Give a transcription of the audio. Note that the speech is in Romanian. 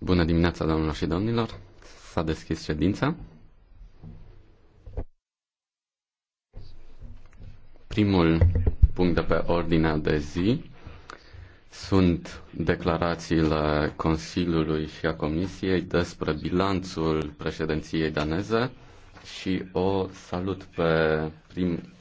Bună dimineața, doamnelor și domnilor. S-a deschis ședința. Primul punct de pe ordinea de zi sunt declarațiile Consiliului și a Comisiei despre bilanțul președinției daneze și o salut pe prim,